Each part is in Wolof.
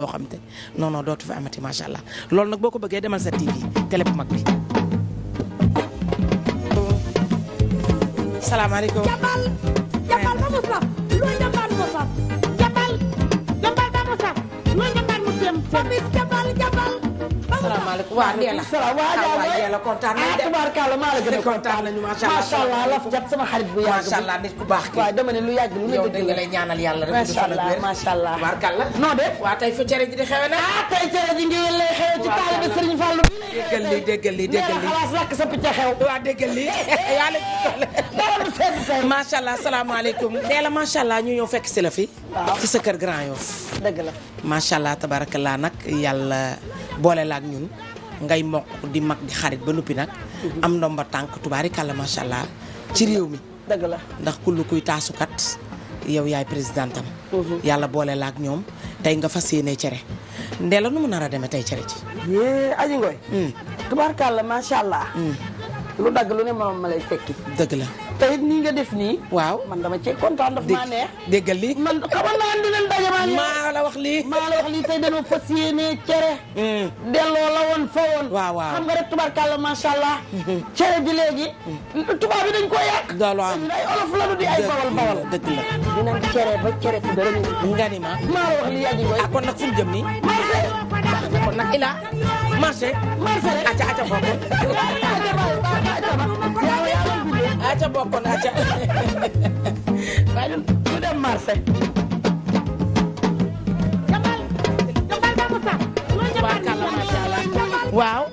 loo xam te non non dootu fi amati macha allah loolu nag boo ko bëggee demal sa TV télé bu mag bi. salaamaaleykum. jàppal jàppal asalaamaaleykum waa Ndéla waaw waay Ndéla kontaan nañu de tubaarkàlla maa la gën a kontaan nañu macha allah laf jàpp sama xarit bu yàgg macha allah nit ku baax ki waaw dama ne lu yàgg lu ne dëgg la lay ñaanal yàlla rek macha allah macha allah tubaarkàlla non de waa tey fu cere ji di xewe na ah tey cere ji ngi lay xewe ci taalibe Serigne Fallou bi déggal li déggal li déggal li xalaas lakk sa picc xew waa déggal li yaa la macha allah salaamaaleykum Ndella macha allah ñu ñëw fekk si la fi. ci sa kër Grand Yoff. dëgg la macha allah tabarakallah nag yàlla boole la ak ñun ngay mokk di mag di xarit ba noppi nag. Mhm. am ndomba tànk tubaari kàlla macha allah ci réew mi. dëgg la ndax kullu kuy taasukat yow yaay présidentam mhm. yàlla boole la ak ñoom tey nga fas yéene cere. Ndella nu mu nar a demee tey cere ci. yee aji ngoy. Mm. tubaarkàlla allah. Mm. lu dagg lu ne ma lay fekki. dëgg la te nii nga def nii. waaw man dama cee kontaan daf maa neex. déggal lii man xamal naa ne leen daje maa. maa la wax lii lii tey dañoo fas yéenee cere. Hmm. delloo la woon fa woon. waaw waaw xam nga rek tubarkalla allah. Hmm. cere bi léegi. tubaab bi dañ koo yàq. daal waaw ay olof la du di ay bawal bawal. dëgg la dinañ cere ba cere fi dara nga ni ma. maa la yaa ji koy. ah kon nag fu mu jëm nii. Ah, foofu. aca bokkoon aca waaye ñu dem marché waaw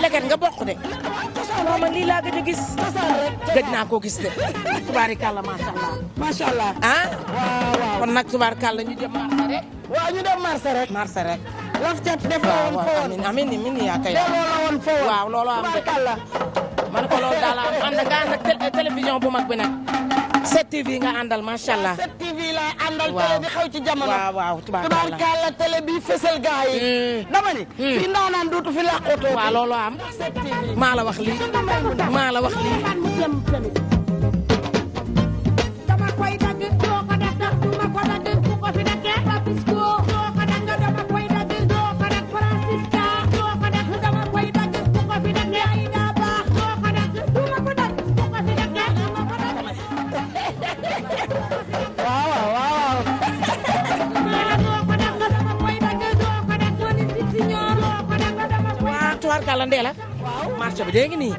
leket nga bokk de waaw man lii laa gëj a gis gëj naa koo gis de tubaari kàlla macha allah ah? kon nag tubaar kàlla ñu dem marché rek waaw ñu dem marché rek marché rek def la woon fa woon amin amin yaa kay waaw loolu am de man ko loolu daal am ànd nga ànd ak eh, télévision bu mag bi nag 7TV nga àndal macha allah. 7TV laa àndal. waaw télé bi xew ci jamono. waaw waaw tubaarkalla bi fësal gaa yi. Hmm. dama ni. Hmm. fii ndaanaan dootu fi làqootoo. loolu am. maa la lii maa la lii. la Ndéla. waaw marché bi léegi nii.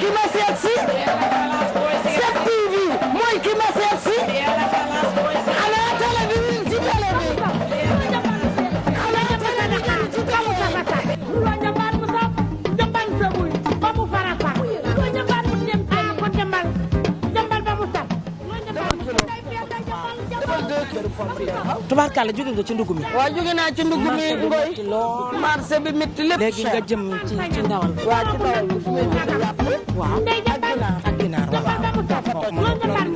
ki ma seet si tubaarkàlla jóge nga ci ndugg mi waaw jóge naa ci ndugg mi ngoy marché bi métti lépp léegi nga jëm ci ci ndawal waaw ci ndawal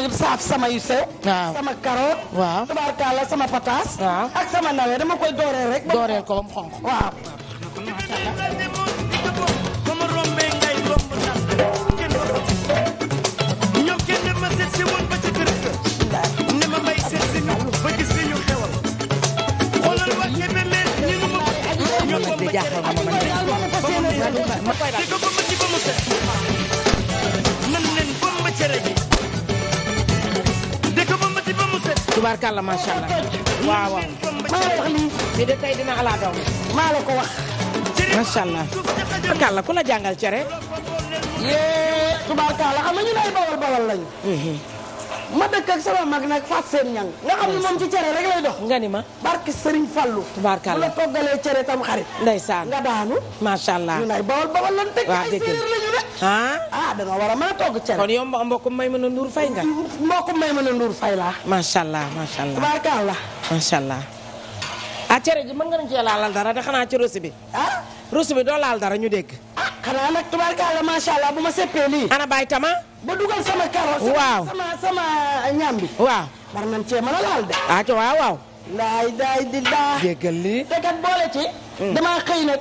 nga saaf sama yu sew. sama carotte. waaw tubaarkalla sama pataas. ak sama nawe dama koy dooreel rek. dooreel ko ba mu xonq waaw. tubaarkàlla macha allah waaw waaw. maa wax lii. lii de tey dina ala daw. maa la ko wax. macha allah. tubaarkàlla ku la jàngal cere. yee tubaarkàlla xam nga ñu lay bawal bawal lañu. Mhm. ma dëkk ak sama mag nag fas seen ñang nga xam ne moom ci cere rek lay dox. nga ni ma barke Serigne Fallou. tubaarkàlla bu la cere tam xarit. ndeysaan nga daanu. macha ñu lay bawal bawal lan teg ay séeréer ah, ah da nga war a mën a togg may mën a Ndour Faye nga. mbokk may mën a Ndour Faye laa. macha allah macha allah tabaarkalla. macha allah. ah ji mën nga cee laalal dara de xanaa ci rosi bi. ah bi doo laal dara ñu dégg. ah xanaa nag tabaarkalla macha allah bu ma seppee lii. ana bay tama. ba dugal sama karo. sama sama ñaam bi. waaw war cee mën a laal de. ah waaw waaw. ndaay daay di daa. jéggal boole ci. Mm. damaa xëy nag.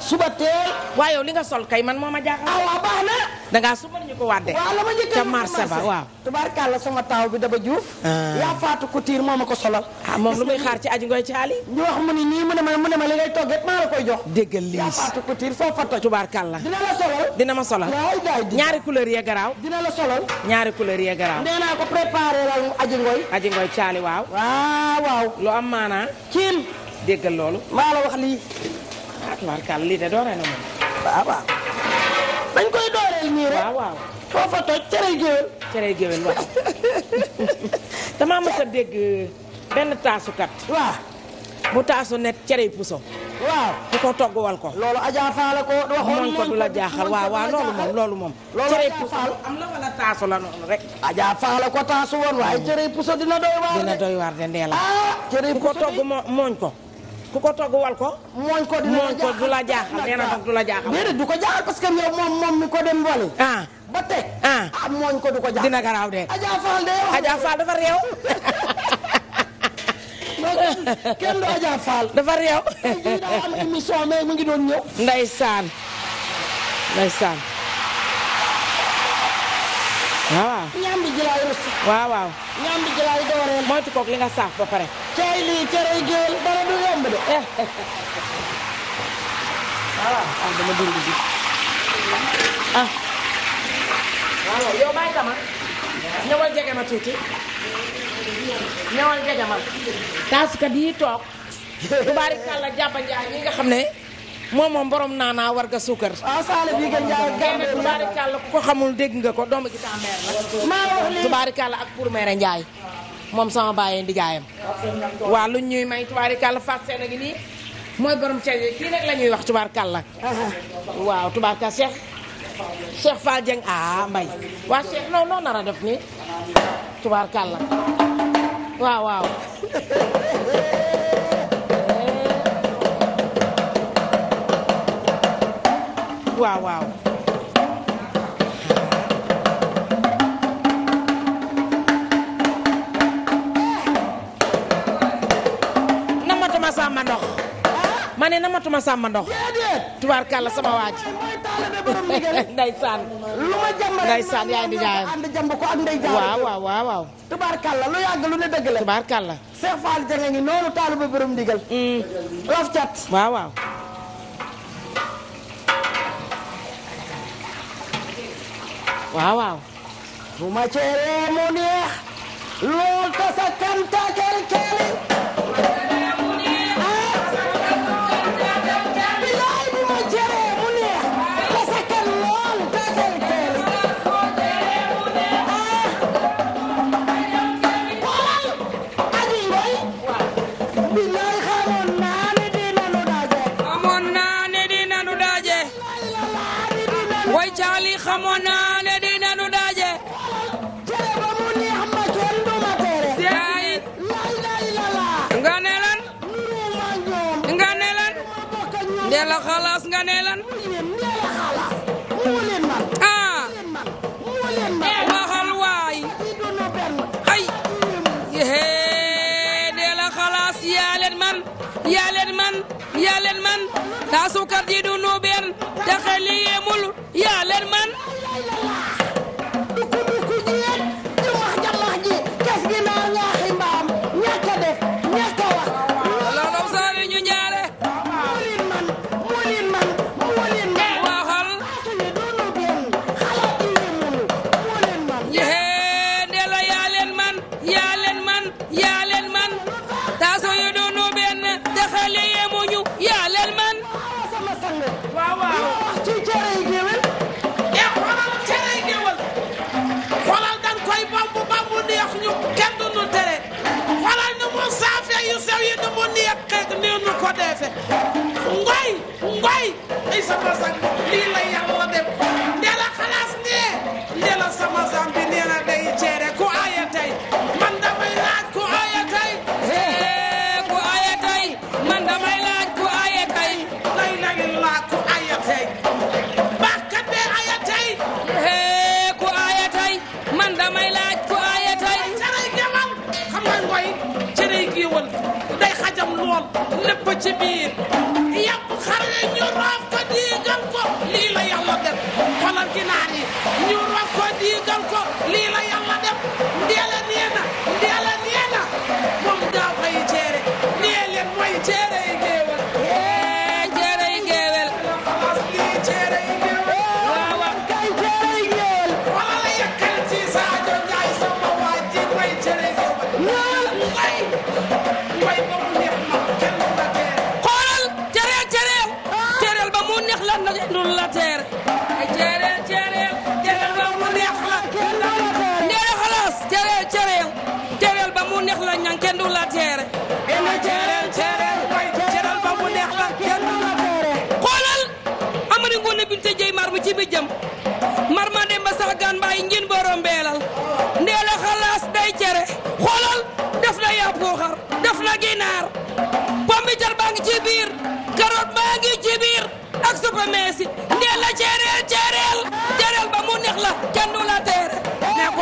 suba teel. waaw yow li nga sol kay man moo ma jaaxal. ah waaw baax da ngaa suba ñu ko wàdde. waaw la ma njëkk ca marché ba waaw. tubaarkàlla sama taaw bi daba juuf. Ah. yaa faatu couture moo ma ko solal. ah moom lu muy xaar ci aji ngoy caali. ñu wax mu ni nii mu ne ma mu ne ma li ngay toggee maa la koy jox. déggal lii yaa faatu couture foo fa toj. tubaarkàlla dina dina ma solal ñaari couleur ya garaaw. dina la solal. ñaari couleur ya garaaw. nee naa ko préparé lal aji ngoy. aji ngoy caali waaw. waaw waaw. lu am maanaa. ciin déggal loolu. maa la wax lii tubaarkaal lii de dooree na moom. waaw waaw. dégg benn taasukat. waaw. bu taasu nekk cere puso. waaw ko togg wal ko. loolu Adja Fall ko waxoon moom ko du la jaaxal waaw waaw loolu moom loolu moom. loolu cere puso am la wala taasu la noonu rek. Adja Fall ko taasu woon waaye mm. cere puso dina doy waar de. dina doy waar ah, puso mooñ ko. ku ko togg wal ko. mooñ ko du la jaaxal nee na du la jaaxal. du ko jaaxal parce que yow moom moom mi ko dem wali. ah ba teg. ah, ah mooñ ko du ko jaaxal dina garaaw de. Adja Fall dafa réew. kenn du Adja Fall. dafa réew. tey jii am émission mu ngi doon ñëw. ndeysaan ndeysaan. waaw ñaam bi jilaay rus dooreel moytu kook li nga saaf ba pare cay lii cerey géwél dara du yomb de waaw eh. ah dama dund bi ah waaw yow bàyyi tama ñëwal jege ma tuuti ñëwal jege ma taasukat yi toog tubaarikàlla jàppa xam ne moom moom boroom naanaa war nga suukar. waaw Saalum bii nga ku ko xamul dégg nga ko doomu gitaa meer la. maa wax ak pour meere Ndiaye. moom sama bàyyee di jaayam. lu ñuy may tubaarikàlla fas seen a ngi nii. mooy borom ceeb yi kii nag la ñuy wax tubaarikàlla. Uh-huh. waaw tubaarikàlla Cheikh. Cheikh Fall Dieng ah mbay waa Cheikh non non nar a def nii. tubaarikàlla waaw waaw. waaw waaw eh! namatuma sàmma ndox ah! ma ne namatuma ndox tubaarkàlla sama waaj ndeysaan lu ma jàmb ndeysaan yaay di jaayam ànd jàmb ko waaw waaw waaw waaw tubaarkàlla lu yàgg lu ne dëgg la tubaarkàlla Cheikh Fall Dieng ngi noonu taaliba borom ndigal laf mm. cat waaw waaw waaw waaw bu ma ceree mu neex lool ko defe ngoy ngoy ay sama sang lii la yàlla ci biir yàpp xar yi ñu roof ko diigal ko lii la yàlla def xolal ginaar yi ñu ko diigal ko lii la yàlla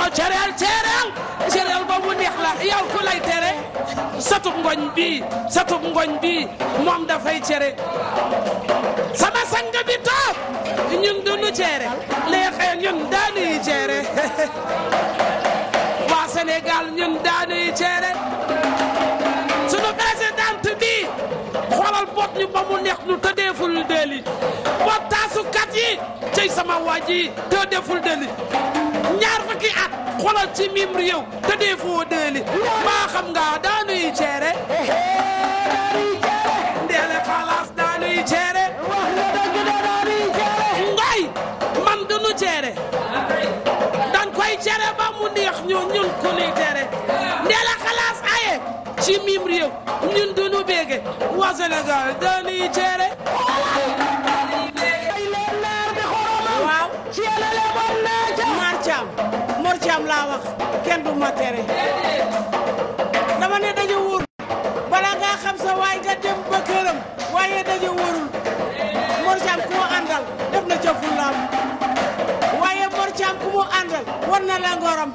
yow cereel cereel cereel boobu neex la yow ku lay tere satub ngoñ bi satub ngoñ bi moom dafay cere sama sang bi toog ñun dunu cere léexee ñun daanuy cere waa Sénégal ñun daanuy cere sunu présidente bi xoolal bot ñu ba mu neex nu tëddeeful déeli bot ji cey sama waa ji te deful deli fukki at xoolal ci mim réew te defoo deli maa xam nga daanuy ceere ndeele xalaas daanuy ceere ngoy man dunu ceere dan koy ceere ba mu neex ñun ñun ku nuy teere xalaas aye ci mim réew ñun dunu bége waa Sénégal daanuy ceere kenn du ma tere dama ne daje wóor bala nga xam sa waay nga dem ba këram waaye daje wóorul Mor Thiam ku mu def na ca fulaam waaye Mor Thiam ku mu àndal war na la ngoram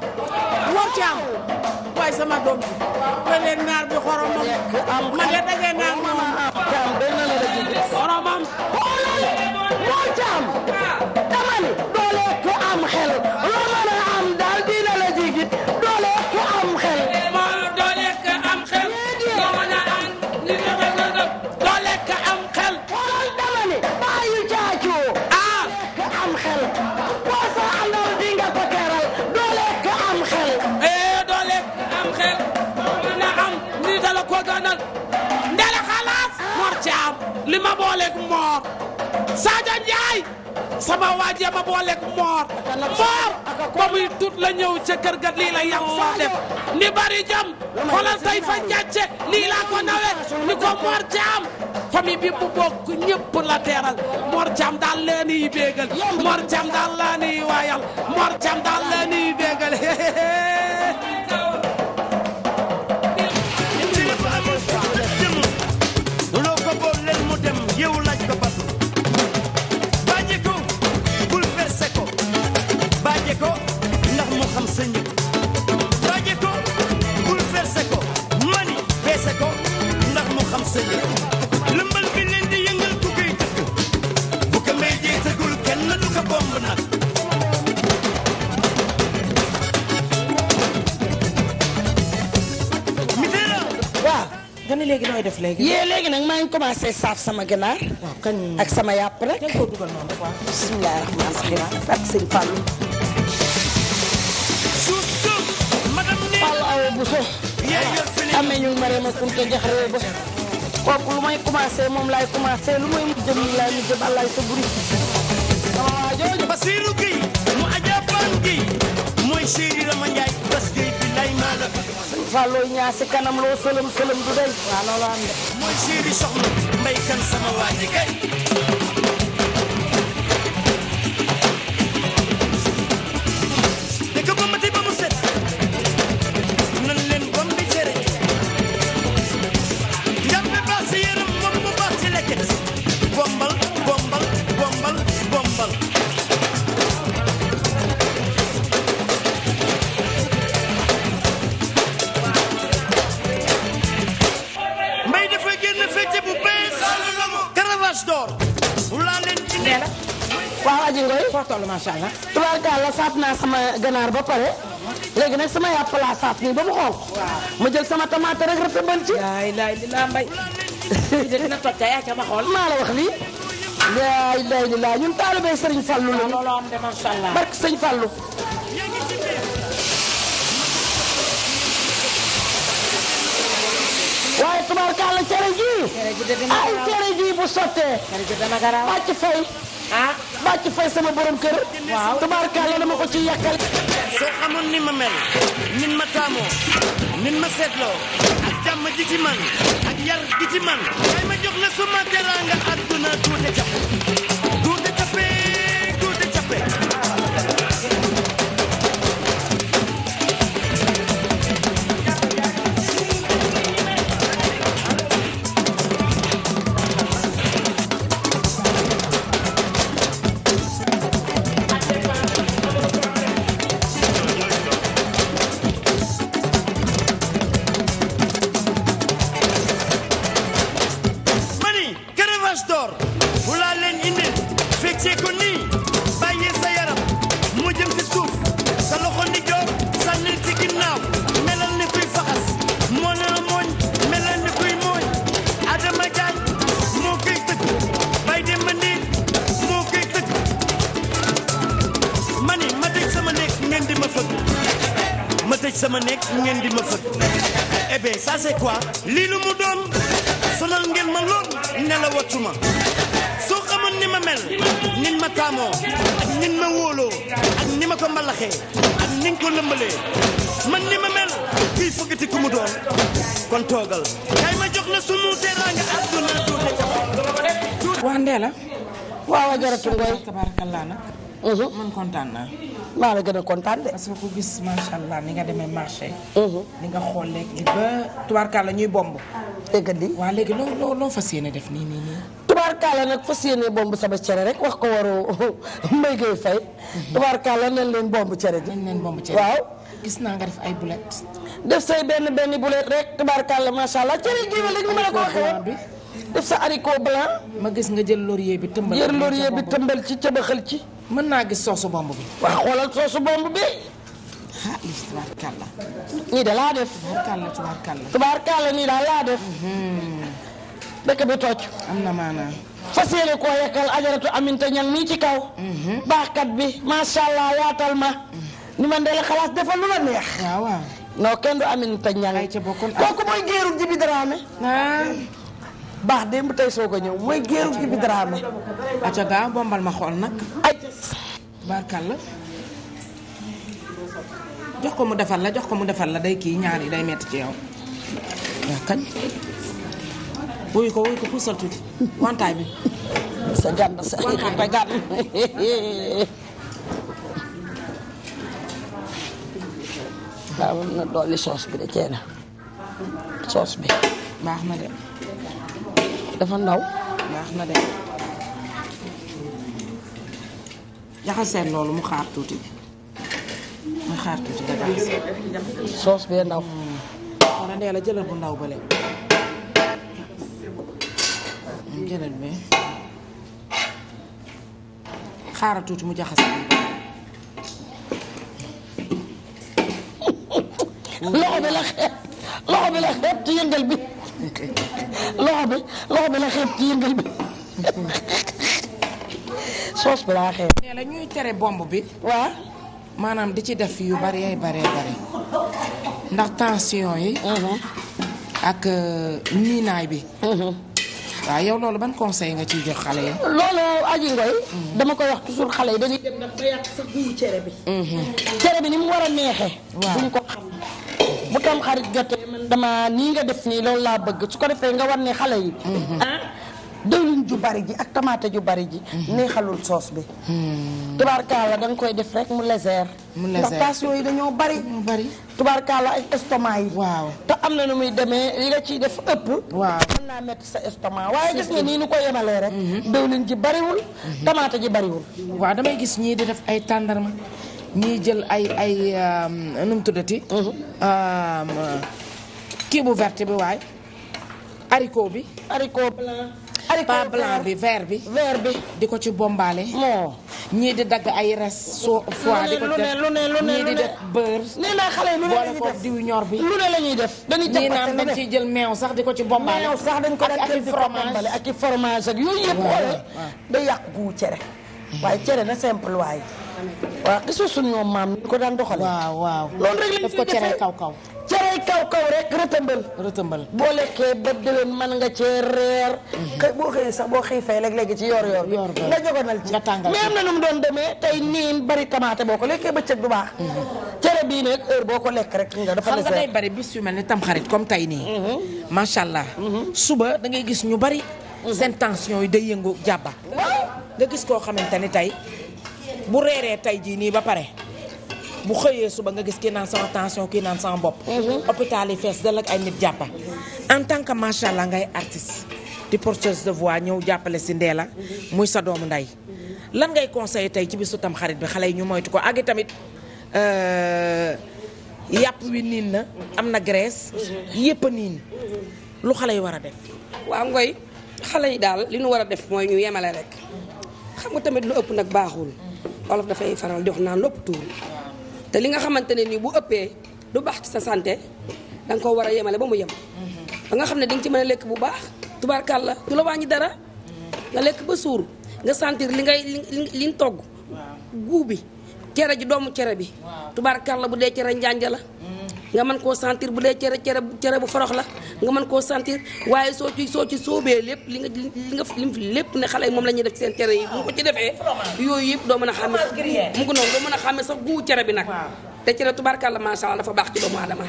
Mor Thiam waaye sama doom bi ba leen naar bi xoromam man de daje naa moom xoromam Aja Njaay sama waa jéem a booleeg moor moor ba muy tut la ñëw ca kër ga lii la yam faa def ni bari jam xoolal fa njàcce lii laa ko nawe ni ko moor jaam famille bi bu bokk ñëpp la teeral moor jaam daal leen yi béegal moor jaam daal leen yi waayal moor jaam daal leen yi béegal léegi nooy def léegi. yee léegi nag maa ngi commencé saaf sama ganaar. waaw ak sama yàpp rek. kañ koo dugal noonu waaw. bisimilah rahmaani rahiim ak sëñ Fallou. suuf suuf. Fallou Awa amee ñu maree ma kunte jax réew ba. kooku lu may commencé moom laay commencé lu may mujj jëm laay mujj jëm sa buri. waaw jooju. Basirou Guèye mu Adja Ban Guèye mooy Cheikh Rama Ndiaye Bas Guèye Moustapha looy ñaar si kanam loo sëlëm sëlëm du dey waaw loolu am de mooy chéri soxna mbéykan sama wax ji kay macha allah. tubaarkàlla saaf naa sama ganaar ba pare. léegi nag sama yàpp laa saaf nii ba mu xonq. ma jël sama tamaate rek rëbbal ci. yaa ilaha illallah mbay. lii de dina toj yaa ma xool. maa la wax lii. yaa ilaha illallah ñun taalibe Sëriñ Fallu la. loolu am de maa ci fay sama borom kër. waaw tubaarkaale dama ko ci yàkkal. soo xamoon ni ma mel. nin ma taamoo. nin ma seetloo. ak jàmm ji ci man. ak yar gi ci man. kay ma jox la suma teraanga àdduna tuute jàpp. sama nekk ngeen di ma fëgg eh bien ça c'est mu doon sonal ngeen ma lool ne la soo xamoon ni mel nin taamoo ak nin ma wóoloo ak ni ma ko mbalaxee ak ni nga ko lëmbalee mel kuy fëggati ku doon kon toogal kay ma jox la sunu teraanga àdduna tuute ca wax ndee la waaw a jaratu ngoy tabarakallah Mhm. man kontaan naa. maa la gën a kontaan de. parce que ku gis macha allah ni nga demee marché. Mhm. ni nga xool léegi ba tubaarkaala ñuy bomb. dégg nga lii léegi loo loo loo fas yéene def nii nii nii. tubaarkaala nag fa yéene bomb sama cere rek wax ko waroo mbay gay fay. Mhm. tubaarkaala nañ leen bomb cere ji. leen bomb cere waaw. gis naa nga def ay bulet. def say benn benn bulet rek tubaarkaala macha allah cere ji la ñu mën a ko waxee def sa haricot blanc. ma gis nga jël laurier bi tëmbal. jël laurier bi tëmbal ci cabaxal ci. mën naa gis soosu bomb bi. waaw xoolal soosu bomb bi. lii tubaarkàlla. nii da laa def. tubaarkàlla tubaarkàlla. tubaarkàlla nii daal laa def. Mhm. dëkk bi toj. am na koo yekkal ajaratu aminta ñan mii ci kaw. Mhm. baaxkat bi macha allah yaatal ma. Mhm. ni ma ndel xalaas defal lu la neex. waaw kenn du aminta ñan. ay ca mooy géeru jibi daraame. Ah. baax démb tey soo ko ñëw mooy géeru ki bi Dramé. aca daa bombal ma xool nag. ay. barkalla jox ko mu defal la jox ko mu defal la day kii ñaar yi day metti ci yow. waaw kañ. wuyu ko wuyu ko puusal tuuti wantaay bi. sa gànn sa ba gànn. waaw na dolli soos bi de cee soos bi. baax na de. dafa ndaw. baax na de jaxaseen loolu mu xaar tuuti mu xaar tuuti nga jaxaseen. soos bee ndaw. kon a dee la jëlal bu ndaw bële. jëlal bi xaaral tuuti mu jaxaseen. loxo bi la xeet loxo bi la xeet yëngal bi. loxo bi loxo bi la xeeb ci yëngal bi soos bi laa xeeb. nee la tere bomb bi. waaw maanaam di ci def yu bari ay baree bari ndax tension yi. Uh-huh. ak niinaay euh, bi. Uh-huh. waa yow loolu ban conseil nga ciy jox xale yi. loolu aji ngoy dama koy wax toujours xale yi dañuy dem ndax ba yàq sax guubu cere bi. Uh-huh. cere bi ni mu war a neexee. bu tam xarit jotee. man dama nii nga def nii loolu laa bëgg su ko defee nga war ne xale yi mm-hmm. ah dëwlin ju bari ji ak tamaate ju bari ji mm-hmm. neexalul soos bi mm-hmm. tubaarkaala da nga koy def rek mu léger ndax taas yooyu dañoo bari bari tubaarkaala ak estomac yi waaw te am na nu muy demee li nga ciy def ëpp waaw mën naa metti sa estomac waaye gis nga nii nu ko yemalee rek dëwlin ji bariwul tamaate ji bariwul waaw damay gis ñii di def ay tàndarma ñii jël ay ay euh, nu mu kii bu verte bi waaye haricot bi. haricot blanc. haricot blanc bi vert bi. vert bi di ko ci bombaale. moo ñii di dagg ay res. soo foie di ko def ñii di def beurre. nee xale yi lu ne la ñuy def boole ko diw bi. lu la ñuy def. dañuy jàppante ne ñii ciy jël meew sax di ko ci bombaale. meew sax dañ ko def ak i fromage ak i fromage ak yooyu yëpp. waaw waaw day yàq gu cere. waaye cere na simple waaye. waaw gisoo suñ ñoom maam ñu ko daan doxale waaw waaw loolu rek daf ko cere kaw kaw cere kaw kaw rek rëtëmbal rëtëmbal boo lekkee ba déwén mën nga cee reer xëy mhm. boo xëyee sax boo xiifee léeg-léegi ci yoor yoor bi nga jogonal ci nga tey niin bari tamaate boo ko lekkee bëccëg du baax mhm. cere bii nag heure boo ko lekk rek nga dafa xam nga day bari bis yu mel ni tam tamxarit comme tey nii mhm. macha allah suba dangay gis ñu bari seen yi day yëngu jàbba nga gis koo xamante ni tey bu reeree tey jii nii ba pare bu xëyee suba nga gis kii naan sama tension kii naan sama bopp. Mhm. hôpital yi fees dal ak ay nit jàppa en tant que macha allah ngay artiste di porteuse de voix ñëw jàppale si ndee la muy sa doomu nday lan ngay conseillé tey ci bisu tam xarit bi xale yi ñu moytu ko ak i tamit euh, yàpp wi niin na am na graisse mhm. yépp a niin lu xale yi war a def. waaw ngoy xale yi daal li ñu war a def mooy ñu yemale rek xam nga tamit lu ëpp nag baaxul. olof dafay faral di wax naan nopp tuur te li nga xamante ne nii bu ëppee du baax ci sa santé da nga ko war a yemale ba mu yem ba nga xam ne di ci mën a lekk bu baax tubaar du la wàññi dara nga lekk ba suur nga sentir li ngay li ñu togg guubi cere ji doomu cere bi la bu dee cere njànja la mm. nga mën koo sentir bu dee cere cere cere bu forox la nga mën koo sentir waaye soo ci soo ci soobee lépp li nga li nga lépp ne xale yi moom la ñuy def seen cere yi bu ko ci defee yooyu yëpp doo mën a xàmme mu ngi noonu mën a xàmme sax guu cere bi nag te cere la macha allah dafa baax ci doomu aadama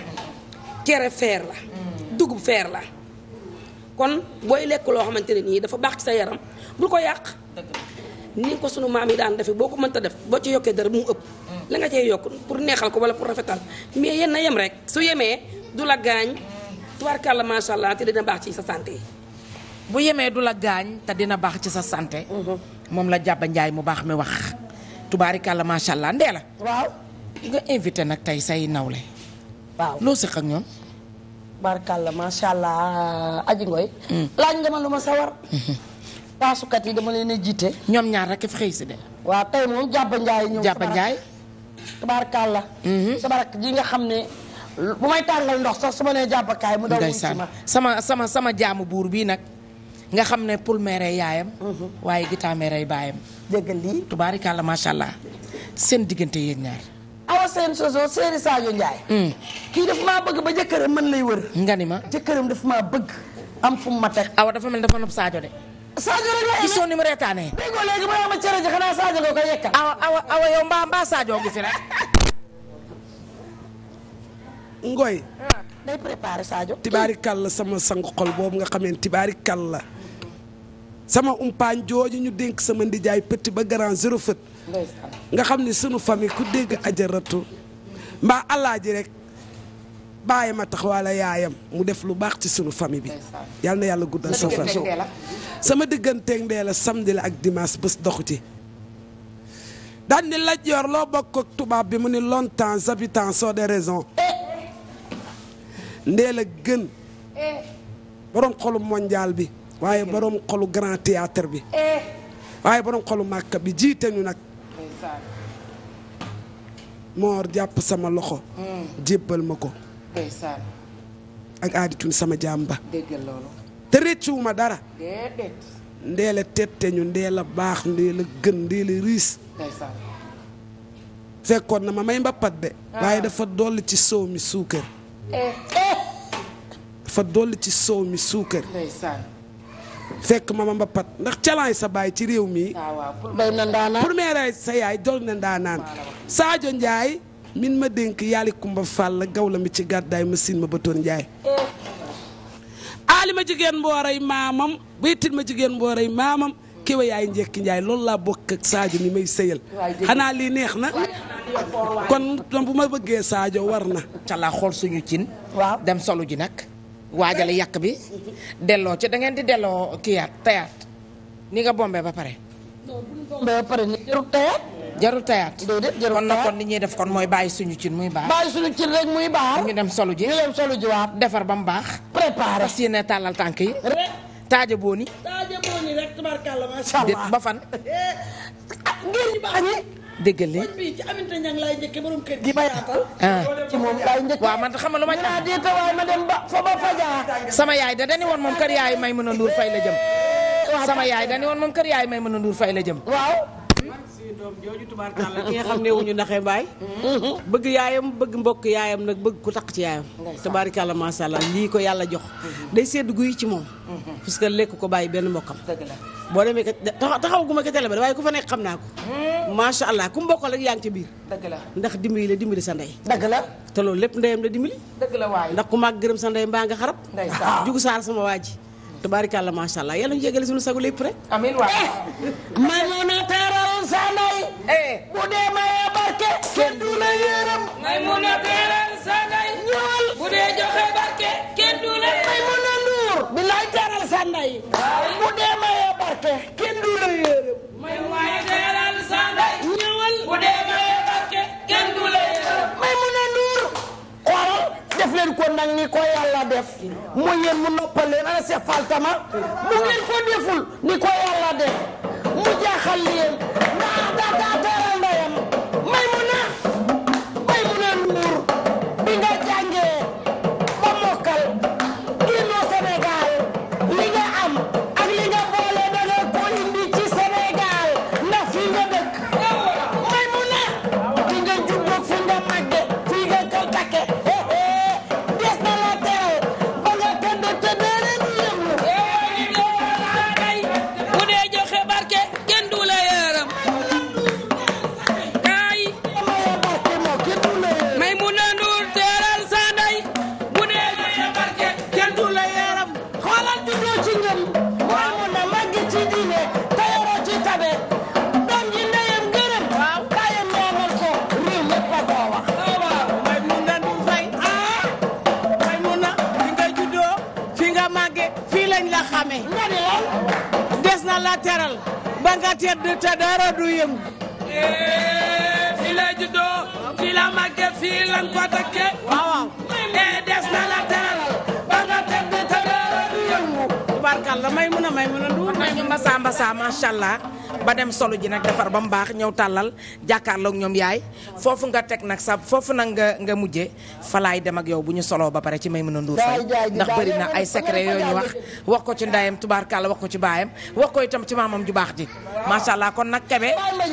cere feer la mm. dugub feer la kon booy lekk loo xamante ne nii dafa baax ci sa yaram bul ko yàq ni ko sunu maam yi daan defee boo ko mënta def boo ci yokkee dara mu ëpp. la nga cee yokk pour neexal ko wala pour rafetal mais yéen na yem rek su yemee du la gaañ. tubaarkàlla macha allah te dina baax ci sa santé. bu yemee du la gaañ te dina baax ci sa santé. Mhm. moom la jàbba njaay mu baax mi wax. tubaarikàlla macha allah ndee la. waaw. nga invité nag tey say nawle. waaw loo si ak ñoom. tubaarkàlla macha allah aji ngoy mm. laaj nga ma lu ma sawar. Mhm. taasukat yi dama leen a jiite. ñoom ñaar rekk fi xëy si de. waaw tey moom jàpp njaay. ñëw jàpp njaay. Mhm. sama nga xam ne. bu may tàngal ndox sax su ma nee jàppakaay mu daw ma sama sama sama jaamu buur bii nag. nga xam ne pul meeree yaayam. Mhm. waaye gitaa meeree baayam. déggal lii tubaarikàlla macha allah. seen diggante yéen ñaar. awa seen soso seeri Sadio Ndiaye. Mm. kii dafa maa bëgg ba jëkkëram man lay wër. nga ni ma jëkkëram dafa maa bëgg. am fu mu ma awa dafa mel dafa nopp Sadio de. Sadio rek la gisoo ni mu reetaanee. dégg nga léegi ma yàlla ma cere ji awa yow mbaa mbaa Sadio ngi fi rek. Ngoy. Ah, day préparé Sadio. sama sang xol boobu nga xamee tibaari kàll la. sama umpaañ jooju ñu dénk sama ndijaay petit ba grand zéro nga xam ne sunu famille ku dégg ajaratu mbaa alaaji rek. bàyyi ma tax wala yaayam mu def lu baax ci sunu famille bi. yal na yàlla guddal sa fan. sama digganteeg ndee la la ak dimanche bés doxu ci daan ni laj yor loo bokk tubaab bi mu ni longtemps habitants sont des raisons ndee la gën borom xolu mondial bi waaye borom xolu grand théâtre bi waaye borom xolu màkk bi jiite ñu nag moor jàpp sama loxo mm. jébbal ma ko ak aadi tun sama jaam ba te réccuwuma dara. déedéet. ndee la tette ndee la baax ndee la gën ndee la riis. fekkoon na ma may mbappat de. Ah. waaye dafa doll ci soow mi suukar. Eh, eh. dafa ci soow mi suukar. fekk ma ma mbappat ndax calaay sa baay ci réew mi. Ah, première ay sa yaay dol na ndaanaan. Sadio Ndiaye. min ma dénk yàlla kumba fàll gaw la mi ci gàddaay ma siin ma bëtoon njaay aalima jigéen mbooray maamam baytil ma jigéen mbooray maamam kiwa yaay njekki njaay loolu laa bokk ak Sadio mi may sëyal xanaa lii neex na kon bu ma bëggee saajo war na calaa xool suñu cin waaw dem solu ji nag waajale yàq bi delloo ci dangeen di delloo kiyaat tayaat ni nga bombee ba pare jarul tayaat kon na kon li ñuy def kon mooy bàyyi suñu cin muy baax bàyyi suñu cin rek muy baax ñu dem solo ji ñu dem defar ba mu baax préparé parce que tàllal tànk yi rek taaja booni taaja booni rek ba fan ah, ngir ci Aminata Ñang laay njëkkee borom gi ma ah. Ah. ci moom laay njëkkee waaw man xam nga lu ma naa dee waaye ma dem ba fa ba fajaa sama yaay da dañu woon moom kër yaay may mën a nduur fay la jëm. sama yaay dañu woon moom kër yaay may mën a nduur fay la jëm. doom jooju tubaarkàlla ki nga xam ne wuñu naxee mbaay bëgg yaayam bëgg mbokk yaayam nag bëgg ku takk ci yaayam tubaarkàlla macha allah lii ko yàlla jox day sedd guy ci moom mhm. parce que lekk ko bàyyi benn boo demee taxaw gu ma ko télé ba waaye ku fa xam naa ko hmm. macha allah ku mbokkal rek yaa ngi ci biir dëgg la ndax dimbali la dimbali sa ndey dëgg la te loolu lépp ndeyam la dimbali dëgg la waay ndax ku mag gërëm sa ndey mbaa nga xarab jugu saar sama waa ji tubaarkàlla macha allah yàlla ñu jéggale suñu lépp rek bu eh. dee mayee barke kenn du la yërëm may mun a teeral sa la may mun bu dee mayee barke kenn du la yërëm may mun a teeral sa ndey ñëwal bu dee mayee barke kenn du la yërëm may mun a nuur xoolal def leen ko nag ni ko yàlla def mu yéen mu noppal leen ana se faltama mu ngeen ko deful ni ko yàlla def mu jaaxal leen des na la teral ba nga tedd te dara du yëngu. Eh, fi la juddoo fi la màggee fi eh, des na la tubaarkàlla may mun a a nduur mbasa mbasa macha allah ba dem solo ji nag defar ba mu baax ñëw tàllal jàkkaarloog ñoom yaay foofu nga teg nag sa foofu nag nga nga mujje falaay dem ak yow bu ñu solo ba pare ci may mun a nduur fay ndax bëri na ay secret yooyu ñu wax wax ko ci tubaar tubaarkàlla wax ko ci baayam wax ko itam ci maamam ju baax ji macha allah kon nag kebe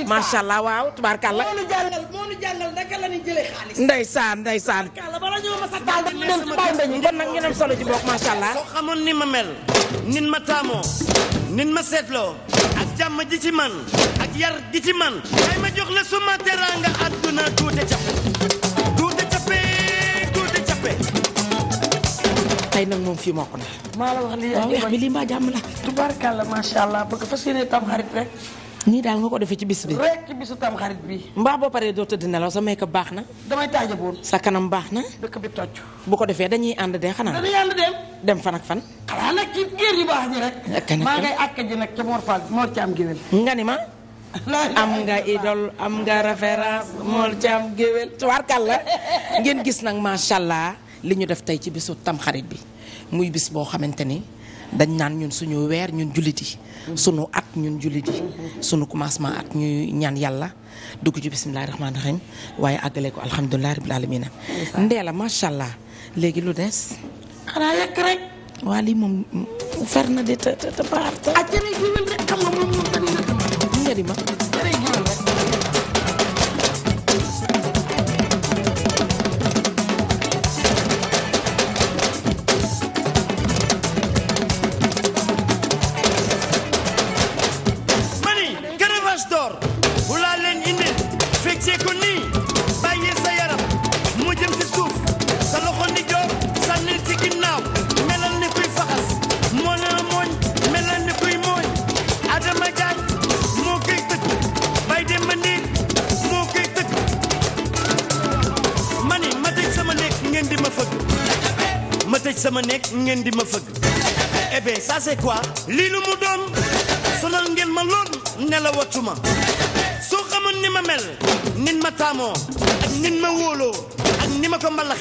macha allah waaw tubaarkàlla moo nu jàngal moo nu jàngal naka la ñuy jëlee xaalis ndeysaan ndeysaan kon nag ñu dem solo ji nin ma taamoo nin ma seetloo ak jàmm ji ci man ak yar gi ci man kay ma jox la suma teraanga àdduna duute cappe duute cappe duute cappe tey nag moom fii mokk na maa la wax li yaa ngi lii macha allah bëgg fas yéene tam nii daal nga ko defee ci bis bi. rek ci bisu tam bi. mbaax boo paree doo tëdd nelaw sa make-up baax na. damay taaja boon. sa kanam baax na. dëkk bi bu ko defee dañuy ànd de xanaa. dañuy ànd dem. dem fan ak fan. xanaa nag nag ca Mor Fall Mor Thiam Géwél. nga ni ma. am nga idole am nga référence Mor Thiam Géwél. tubaarkal la ngeen gis nag macha allah li ñu def tey ci bisu tam xarit bi muy bis boo xamante ni. dañ naan ñun suñu weer ñun jullit yi suñu at ñun jullit yi suñu commencement at ñuy ñaan yàlla dugg ci bisimilah rahmaani rahim waaye àggale ko alhamdulilah rabil alamina ndeela macha allah léegi lu des xanaa yekk rek waa lii moom fer de te te te baar te ajjana yi xam nga moom moom tamit nag ma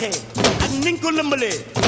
waxee ak niñ ko lëmbalee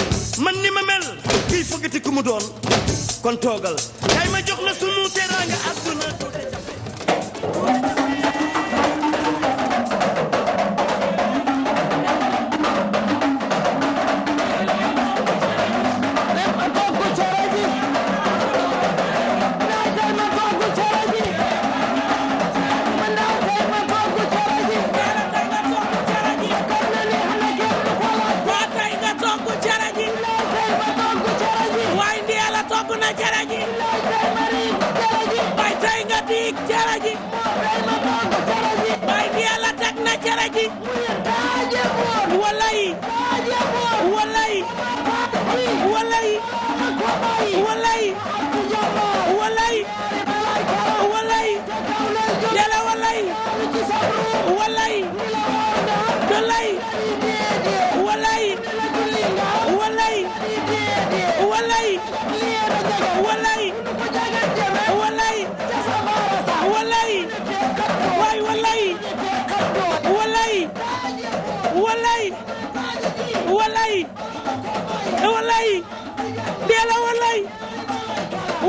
walay walay walay deela walay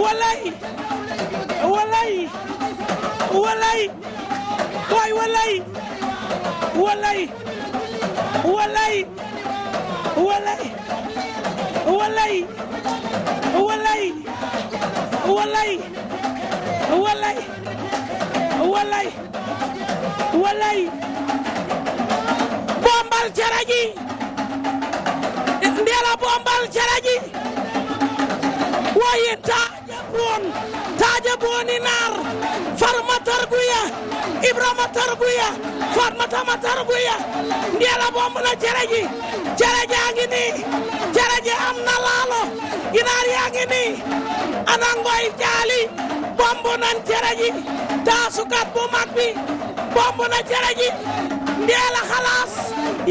walay walay walay waay walay walay walay walay walay walay walay walay walay walay bombal cere ji ndela bombal cere ji wayi taaja boon taaja booni naar farma targuya ibrahima targuya fatmatama targuya ndela bomb na cere ji cere jaa ngi nii cere ji am na laalo yaa ngi nii jaali bomb nan cere ji taasukat bu mag bi bomb na cere ndeela xalaas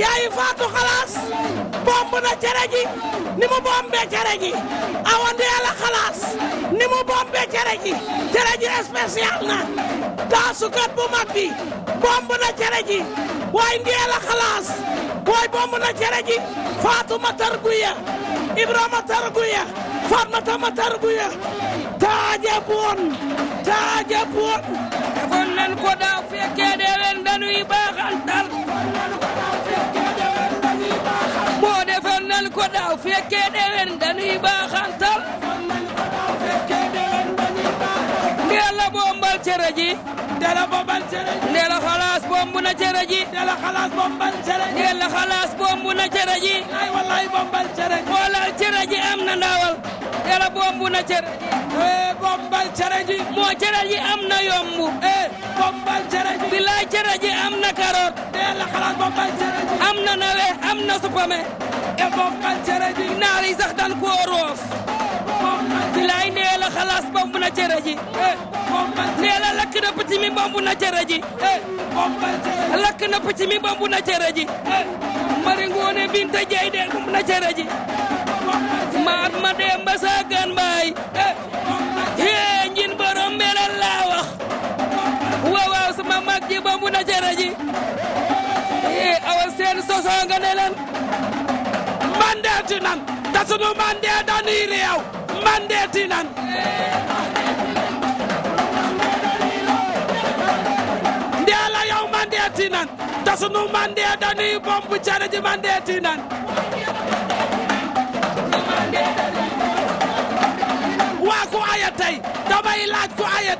yaayu faatu xalaas bomb na cere ni mu bombee cere ji awa ndeela xalaas ni mu bombee cere ji cere ji spécial na taasukat bu mag bi bomb na cere ji waay ndeela xalaas waay bomb na cere faatu ma targuya ibrahima targuya fatmata ma targuya taajab woon taajab woon defoon nan ko daaw fekkee dee baaxal boo defoon nañ ko daaw fekkee déwén dañuy baaxantal ndeel la cere ji ndeel xalaas bombu na cere ji ndeel xalaas bombal cere ji ndeel cere ji am na ndawal dara bombu na cere moo cere am na yombu eh bombal cere bilaay cere am na eh, carotte eh, dee la xalaat bombal cere am na nawe am na supame e bombal cere ji naar yi sax dan koo roof bilaay nee la xalaas bomb na cere ji nee la lakk na pëcc mi bomb na cere ji lakk na pëcc mi bomb na cere ji na cere maam ma dem ba saakan mbaay yee eh, eh, njin borom melal laa wax waawaaw mag ji ba mu na jara ji yee eh, awa seen sosoo nga ne leen mandeeti nan te sunu mandee dañuy réew mandeeti nan mandeeti nan te sunu mandee dañuy bomb jara ji mandeeti nan waa ku aya tey damay ku aya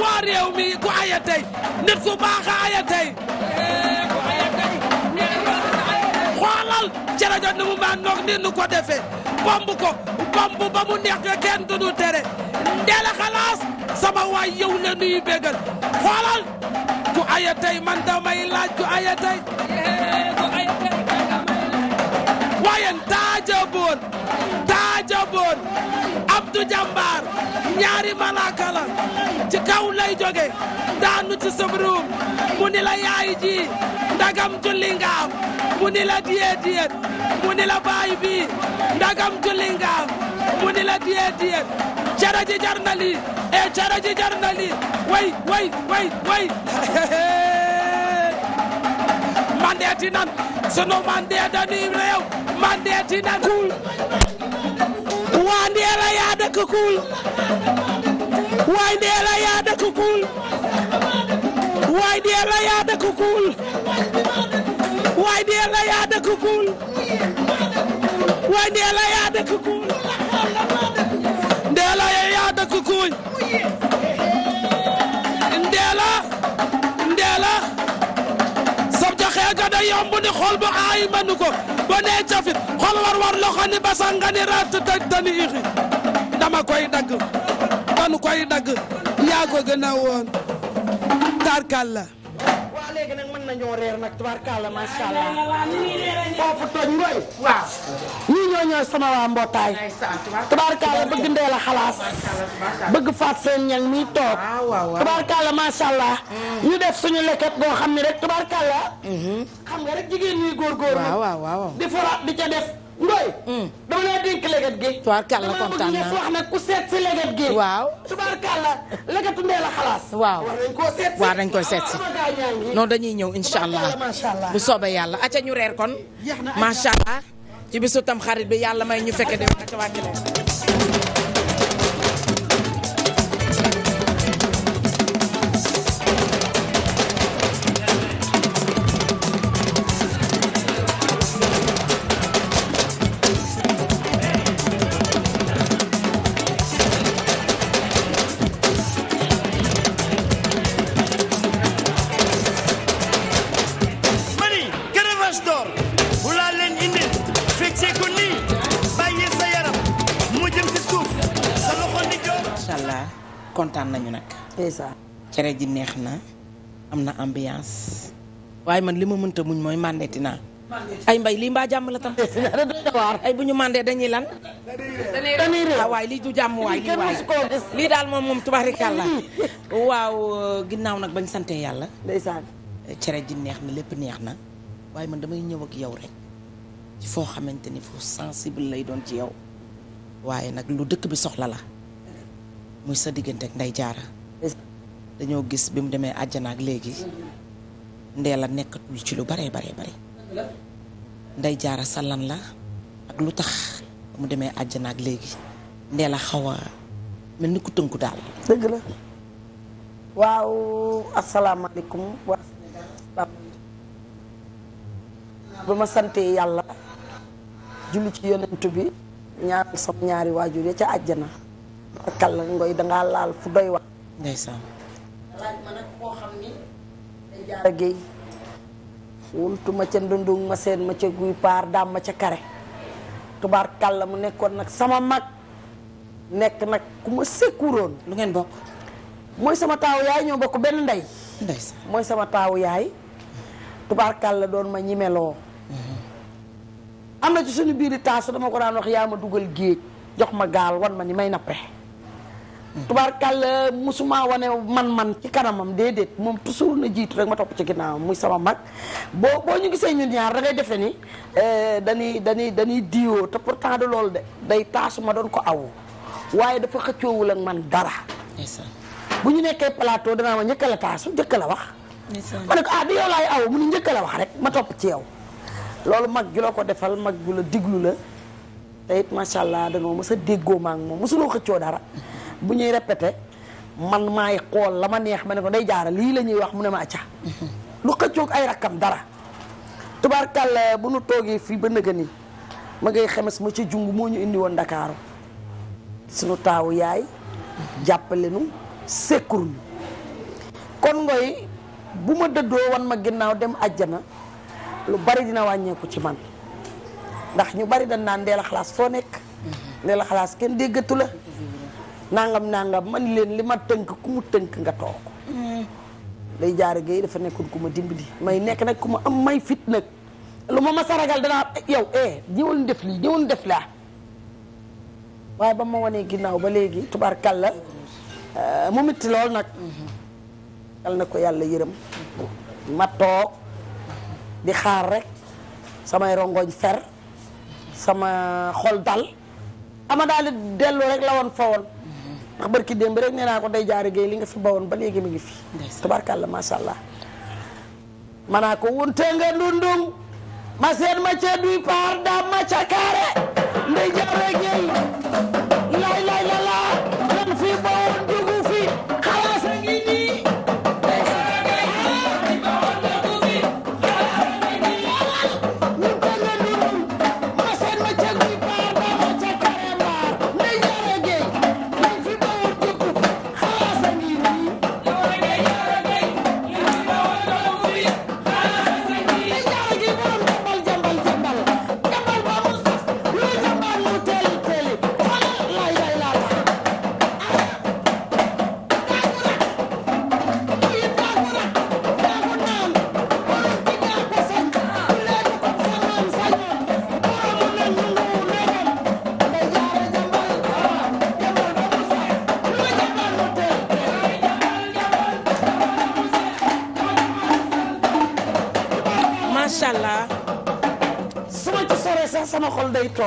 waa réew mi ku aya tey ku baax a xoolal ci rajo nu mu maan noog ni nu bomb ko bomb ba mu neex kenn du nu tere ndeela xalaas sama waay yow la nuy bégal xoolal ku aya man damay laaj ku aya yóbboon Abdou Jàmbaar ñaari malaaka la ci mu ni la yaay ji ndagam julli mu ni la diyee mu ni la baay bi ndagam julli mu ni la diyee diyet cara na lii eh, e cara ji na lii way way way way mandeeti nan sunu mandee dañuy réew mandeeti nan waa Ndéla yaa dëkk kuul waay Ndéla yaa dëkk kuul waay Ndéla yaa dëkk kuul waay Ndéla yaa dëkk kuul waay Ndéla yaa dëkk kuul Ndéla yaa dëkk kuul Ndéla Ndéla yomb ni xol bu aay mënu ko bo nee jafit xol war war loxo ni basang ni rat daj dani ixi dama koy dagg danu koy dagg yaa ko gën a woon tarkal la léegi nag mën nañoo reer nag tubaarkàlla macha allah foofu toj ngoy waaw sama waa mbootaay tubaarkàlla bëgg ndeel a xalaas bëgg faat seen ñang miy toog ah, tubaarkàlla macha allah mm. ñu def suñu leket goo xam ne rek tubaarkàlla mm-hmm. xam nga rek jigéen ñuy góorgóorlu di foraat di ca def Ndoye. Hmm. dama laa dénk leget gi. tubaarkàlla kontaan naa dama ku seet si leget gi. waaw tubaarkàlla legetu ndee la xalaas. waaw war nañ dañ koy seet si. non dañuy ñëw incha allah bu soobee yàlla acca ñu reer kon. macha allah ci bisu tam xarit bi yàlla may ñu fekke de wàcce wàcce leen. cere ji neex na am na ambiance waaye man li ma mënta muñ mooy ti naa ay mbay lii mbaa jàmm la tam ay bu ñu mandee dañuy lan dañuy réew ah, waaye du jàmm lii waay lii daal moom moom tubaarikàlla waaw euh, ginnaaw nag bañ santee yàlla ndeysaan cere ji neex na lépp neex na waaye man damay ñëw ak yow rek ci foo xamante ni fu sensible lay doon ci yow waaye nag lu dëkk bi soxla la muy sa diggante ak nday jaara dañoo gis bi mu demee àjjana ak léegi ndeel la nekkatul ci lu baree baree bare nday jaara salan la ak lu tax mu demee àjjana ak léegi ndeel a xaw mel ni ku tënku daal. dëgg la waaw asalaamaaleykum waa ba ma santee yàlla julli ci yonent bi ñaanal sama ñaari waajur ya ca àjjana kal ngoy dangaa laal fu doy wax laaj ma nag ca ndundung ma seen ma ca guy paar daam ma ca kare tubaar kàlla mu nekkoon nag sama mag nekk nag ku ma sekkuroon lu ngeen bokk mooy sama taawu yaay ñoo bokk benn ndey mooy sama taawu yaay tubaar kàlla doon ma ñimeloo am na ci suñu biiri taasu dama ko daan wax yaa ma dugal géej jox ma gaal wan ma ni may nappe tubaarkàlla musuma wane man-man ci kanamam déedéet moom toujours na jiitu rek ma topp ci ginnaawam muy sama mag boo boo ñu gisee ñun ñaar da ngay defee ni eh, danuy dañuy dañuy diwoo te pourtant de loolu de day taasu ma doon ko aw waaye dafa xëccoowu ak man dara bu ñu nekkee plateau danaa ma njëkk la taasu njëkk la wax ma ne ko ah di yow laay aw mu nu la wax rek ma topp ci yow loolu mag ju la ko defal mag ju la diglu la te it macha allah danoo mës a déggoo moom mosuloo xëccoo dara bu ñuy répété man maay xool la ma neex ma ne ko day jaara lii la ñuy wax mu ne ma acca lu xëccook ay rakkam dara tubaarkàlla bu nu toogee fii ba nëga ma ngay xemes ma ci jung moo ñu indi woon ndakaaru suñu taawu yaay jàppale nu sekkuru nu kon ngoy bu ma dëddoo wan ma ginnaaw dem àjjana lu bari dina wàññeeku ci man ndax ñu bari dañ naan ndeel xalaas foo nekk mm-hmm. ndeel a xalaas kenn déggatu la nangam nangam man leen li ma tënk ku mu tënk nga toog. Mm. day jaar géey dafa nekkoon ku ma dimbali. may nekk nag ku ma am may fit nag lu ma mas danaa eh, yow eh, def lii ñëwal def laa waaye ba ma wanee ginnaaw ba léegi tubaarkàlla eh, mu mitti lool nag. Mm-hmm. na ko yàlla yërëm. ma di xaar rek samay rongoñ fer sama xol dal ama daal dellu rek la woon fa woon ndax barki démb nee naa ko day jaari géey li nga fi bawoon ba léegi mi ngi fi tabarkàlla macha allah manaa ko wunte nga ndundum ma seen ma ca duy paar daam ma ca ndey jaare géey lay lay